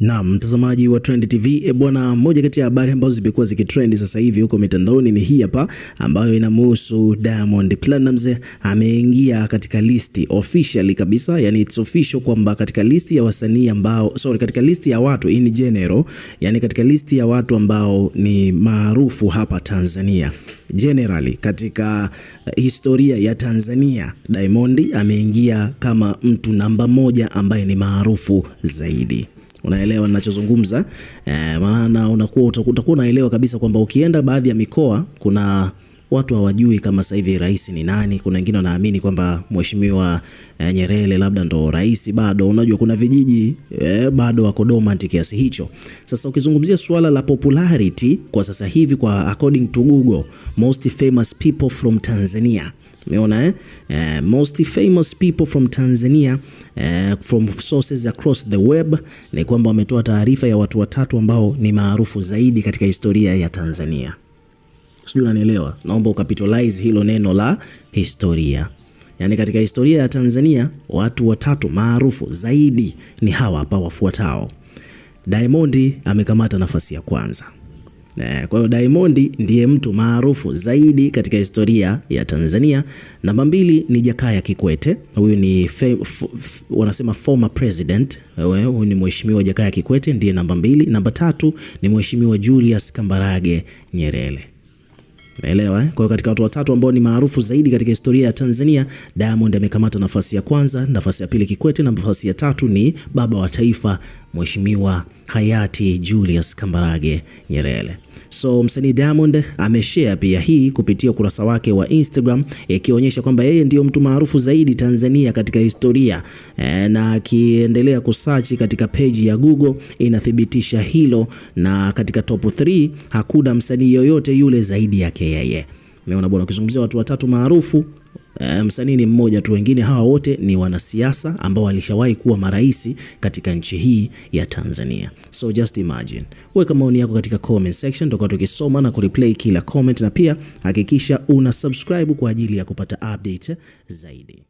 Na mtazamaji wa Trend TV, e bwana, moja kati ya habari ambazo zimekuwa zikitrend sasa hivi huko mitandaoni ni hii hapa, ambayo inamhusu Diamond Platinumz Ameingia katika listi officially kabisa, yani it's official kwamba katika listi ya wasanii ambao, sorry, katika listi ya watu in general, yani katika listi ya watu ambao ni maarufu hapa Tanzania generally katika eh, historia ya Tanzania Diamond ameingia kama mtu namba moja ambaye ni maarufu zaidi. Unaelewa ninachozungumza eh, maana unakuwa utakuwa unaelewa kabisa kwamba ukienda baadhi ya mikoa kuna watu hawajui kama sasa hivi rais ni nani. Kuna wengine wanaamini kwamba mheshimiwa eh, Nyerere labda ndo rais bado. Unajua kuna vijiji eh, bado wako dormant kiasi hicho. Sasa ukizungumzia suala la popularity kwa sasa hivi, kwa according to Google, most famous people from Tanzania Umeona eh? Uh, most famous people from Tanzania uh, from sources across the web ni kwamba wametoa taarifa ya watu watatu ambao ni maarufu zaidi katika historia ya Tanzania. Sijui unanielewa. Naomba ukapitalize hilo neno la historia. Yaani katika historia ya Tanzania watu watatu maarufu zaidi ni hawa hapa wafuatao. Diamond amekamata nafasi ya kwanza. Eh, kwa hiyo Diamond ndiye mtu maarufu zaidi katika historia ya Tanzania. Namba mbili ni Jakaya Kikwete, huyu ni f, f, wanasema former president. Eh, huyu ni mheshimiwa Jakaya Kikwete ndiye namba mbili. Namba tatu ni mheshimiwa Julius Kambarage Nyerere. Naelewa eh? Kwa katika watu watatu ambao ni maarufu zaidi katika historia ya Tanzania, Diamond amekamata nafasi ya kwanza, nafasi ya pili Kikwete, na nafasi ya tatu ni baba wa taifa Mheshimiwa hayati Julius Kambarage Nyerere. So msanii Diamond ameshare pia hii kupitia ukurasa wake wa Instagram ikionyesha kwamba yeye ndiyo mtu maarufu zaidi Tanzania katika historia e, na akiendelea kusachi katika peji ya Google inathibitisha hilo, na katika top 3 hakuna msanii yoyote yule zaidi yake yeye. Umeona bwana, ukizungumzia watu watatu maarufu Eh, msanii ni mmoja tu, wengine hawa wote ni wanasiasa ambao walishawahi kuwa marais katika nchi hii ya Tanzania. So just imagine. Weka maoni yako katika comment section, tutakuwa tukisoma na kureplay kila comment, na pia hakikisha una subscribe kwa ajili ya kupata update zaidi.